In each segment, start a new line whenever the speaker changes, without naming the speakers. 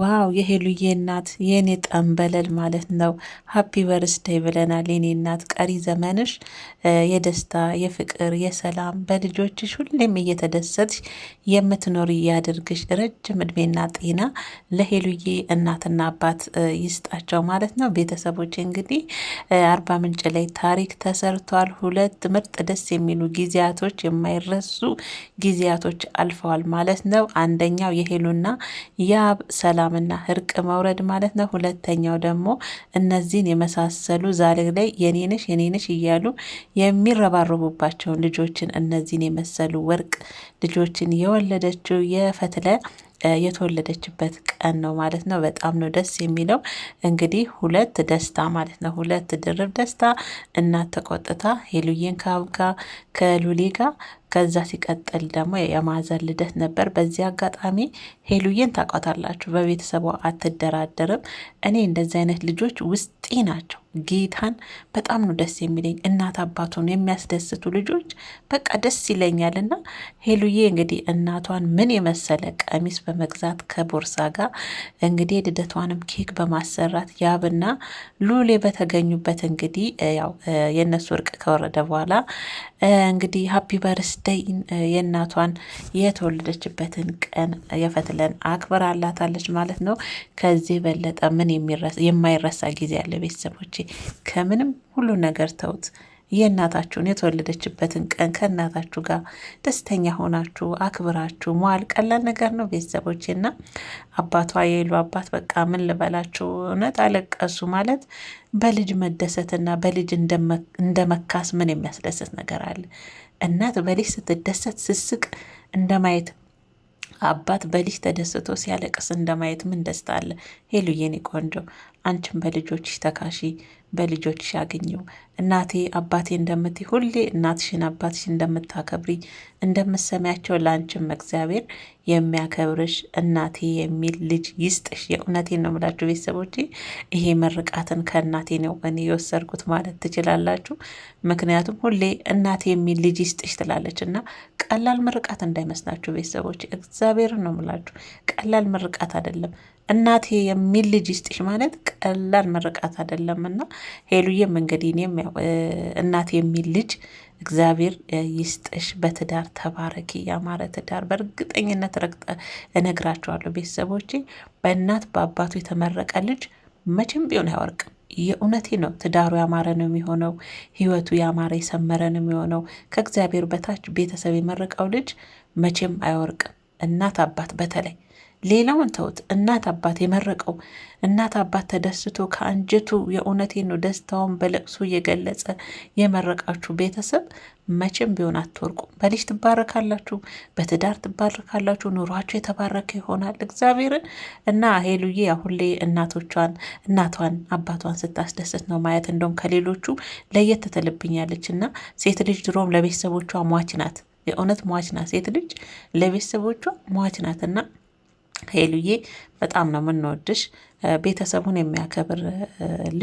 ዋው የሄሉዬ እናት የእኔ ጠንበለል ማለት ነው። ሀፒ በርስደይ ብለናል። የኔ እናት ቀሪ ዘመንሽ የደስታ የፍቅር፣ የሰላም በልጆችሽ ሁሌም እየተደሰትሽ የምትኖር እያድርግሽ ረጅም እድሜና ጤና ለሄሉዬ እናትና አባት ይስጣቸው ማለት ነው። ቤተሰቦች እንግዲህ አርባ ምንጭ ላይ ታሪክ ተሰርቷል። ሁለት ምርጥ ደስ የሚሉ ጊዜያቶች የማይረሱ ጊዜያቶች አልፈዋል ማለት ነው። አንደኛው የሄሉና ያብ ሰላም ሰላምና እርቅ መውረድ ማለት ነው። ሁለተኛው ደግሞ እነዚህን የመሳሰሉ ዛሬ ላይ የኔንሽ የኔንሽ እያሉ የሚረባረቡባቸውን ልጆችን እነዚህን የመሰሉ ወርቅ ልጆችን የወለደችው የፈትለ የተወለደችበት ቀን ነው ማለት ነው። በጣም ነው ደስ የሚለው። እንግዲህ ሁለት ደስታ ማለት ነው። ሁለት ድርብ ደስታ እናት ተቆጥታ ሄሉዬን ከአብጋ ከሉሌ ጋር ከዛ ሲቀጥል ደግሞ የማዘን ልደት ነበር። በዚህ አጋጣሚ ሄሉዬን ታውቋታላችሁ። በቤተሰቧ አትደራደርም። እኔ እንደዚህ አይነት ልጆች ውስጤ ናቸው። ጌታን በጣም ነው ደስ የሚለኝ። እናት አባቱን የሚያስደስቱ ልጆች በቃ ደስ ይለኛል። እና ሄሉዬ እንግዲህ እናቷን ምን የመሰለ ቀሚስ በመግዛት ከቦርሳ ጋር እንግዲህ ልደቷንም ኬክ በማሰራት ያብና ሉሌ በተገኙበት እንግዲህ ያው የእነሱ እርቅ ከወረደ በኋላ እንግዲህ ሀፒ በርስ አስደይ የእናቷን የተወለደችበትን ቀን የፈትለን አክብራላታለች ማለት ነው። ከዚህ በለጠ ምን የማይረሳ ጊዜ ያለ ቤተሰቦቼ፣ ከምንም ሁሉ ነገር ተውት። የእናታችሁን የተወለደችበትን ቀን ከእናታችሁ ጋር ደስተኛ ሆናችሁ አክብራችሁ መዋል ቀላል ነገር ነው ቤተሰቦች። እና አባቷ የሉ አባት በቃ ምን ልበላችሁ፣ እውነት አለቀሱ ማለት በልጅ መደሰትና በልጅ እንደመካስ ምን የሚያስደስት ነገር አለ? እናት በልጅ ስትደሰት ስስቅ እንደማየት አባት በልጅ ተደስቶ ሲያለቅስ እንደማየት ምን ደስታ አለ? ሄሉዬ የኔ ቆንጆ አንቺም በልጆችሽ ተካሺ፣ በልጆችሽ አግኘው። እናቴ አባቴ እንደምትይ ሁሌ እናትሽን አባትሽ እንደምታከብሪ እንደምሰሚያቸው ለአንቺም እግዚአብሔር የሚያከብርሽ እናቴ የሚል ልጅ ይስጥሽ። የእውነቴ ነው ምላችሁ ቤተሰቦች፣ ይሄ ምርቃትን ከእናቴ ነው እኔ የወሰድኩት ማለት ትችላላችሁ። ምክንያቱም ሁሌ እናቴ የሚል ልጅ ይስጥሽ ትላለች እና ቀላል ምርቃት እንዳይመስላችሁ ቤተሰቦች፣ እግዚአብሔር ነው የምላችሁ። ቀላል ምርቃት አይደለም። እናቴ የሚል ልጅ ይስጥሽ ማለት ቀላል ምርቃት አይደለም። እና ሄሉዬም እንግዲህ እኔም እናቴ የሚል ልጅ እግዚአብሔር ይስጥሽ፣ በትዳር ተባረኪ፣ ያማረ ትዳር። በእርግጠኝነት ረግጠ እነግራችኋለሁ ቤተሰቦቼ፣ በእናት በአባቱ የተመረቀ ልጅ መቼም ቢሆን አያወርቅም። የእውነቴ ነው። ትዳሩ ያማረ ነው የሚሆነው፣ ህይወቱ ያማረ የሰመረ ነው የሚሆነው። ከእግዚአብሔር በታች ቤተሰብ የመረቀው ልጅ መቼም አይወርቅም። እናት አባት በተለይ ሌላውን ተውት። እናት አባት የመረቀው እናት አባት ተደስቶ ከአንጀቱ የእውነቴን ነው ደስታውን በለቅሶ እየገለጸ የመረቃችሁ ቤተሰብ መቼም ቢሆን አትወርቁ። በልጅ ትባረካላችሁ፣ በትዳር ትባረካላችሁ፣ ኑሯችሁ የተባረከ ይሆናል። እግዚአብሔርን እና ሄሉዬ አሁሌ እናቶቿን እናቷን አባቷን ስታስደስት ነው ማየት። እንደውም ከሌሎቹ ለየት ትልብኛለች እና ሴት ልጅ ድሮም ለቤተሰቦቿ ሟች ናት። የእውነት ሟች ናት። ሴት ልጅ ለቤተሰቦቿ ሟች ናት እና ሄሉዬ በጣም ነው የምንወድሽ። ቤተሰቡን የሚያከብር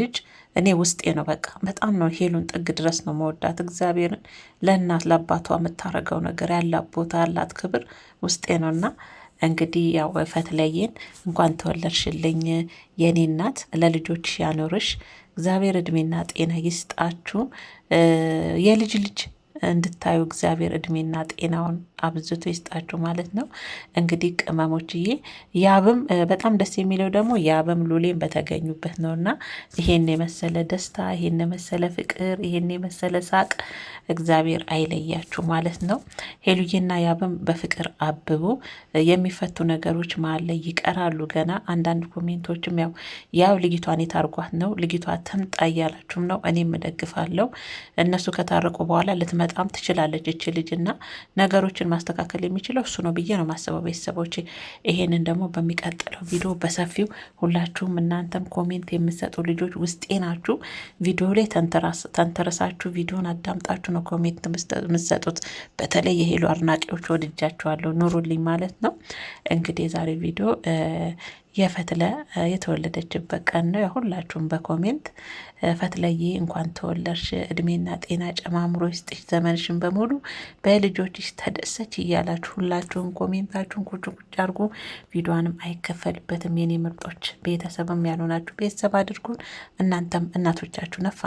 ልጅ እኔ ውስጤ ነው። በቃ በጣም ነው ሄሉን ጥግ ድረስ ነው መወዳት። እግዚአብሔርን ለእናት ለአባቷ የምታደርገው ነገር ያላት ቦታ ያላት ክብር ውስጤ ነው እና እንግዲህ ያው ለይን እንኳን ተወለድሽልኝ የኔ እናት፣ ለልጆች ያኖርሽ እግዚአብሔር እድሜና ጤና ይስጣችሁ የልጅ ልጅ እንድታዩ እግዚአብሔር እድሜና ጤናውን አብዝቶ ይስጣችሁ ማለት ነው። እንግዲህ ቅመሞችዬ ያብም በጣም ደስ የሚለው ደግሞ ያብም ሉሌም በተገኙበት ነው እና ይሄን የመሰለ ደስታ፣ ይሄን የመሰለ ፍቅር፣ ይሄን የመሰለ ሳቅ እግዚአብሔር አይለያችሁ ማለት ነው። ሄሉዬና ያብም በፍቅር አብቦ የሚፈቱ ነገሮች መሀል ላይ ይቀራሉ። ገና አንዳንድ ኮሜንቶችም ያው ያው ልጅቷን የታርጓት ነው ልጅቷ ትምጣ እያላችሁም ነው። እኔም እደግፋለሁ። እነሱ ከታረቁ በኋላ ልትመጣም ትችላለች እች ልጅ እና ነገሮችን ማስተካከል የሚችለው እሱ ነው ብዬ ነው ማሰበው። ቤተሰቦች ይሄንን ደግሞ በሚቀጥለው ቪዲዮ በሰፊው ሁላችሁም እናንተም ኮሜንት የምሰጡ ልጆች ውስጤ ናችሁ። ቪዲዮ ላይ ተንተረሳችሁ ቪዲዮን አዳምጣችሁ ነው ኮሜንት የምትሰጡት በተለይ የሄሉ አድናቂዎች ወድጃቸዋለሁ፣ ኑሩልኝ ማለት ነው። እንግዲህ የዛሬ ቪዲዮ የፈትለ የተወለደችበት ቀን ነው። ሁላችሁም በኮሜንት ፈትለዬ እንኳን ተወለድሽ፣ እድሜና ጤና ጨማምሮ ይስጥሽ፣ ዘመንሽን በሙሉ በልጆችሽ ተደሰች እያላችሁ ሁላችሁም ኮሜንታችሁን ቁጭ ቁጭ አድርጉ። ቪዲዮንም አይከፈልበትም። የኔ ምርጦች ቤተሰብም ያልሆናችሁ ቤተሰብ አድርጉን። እናንተም እናቶቻችሁ ነፋ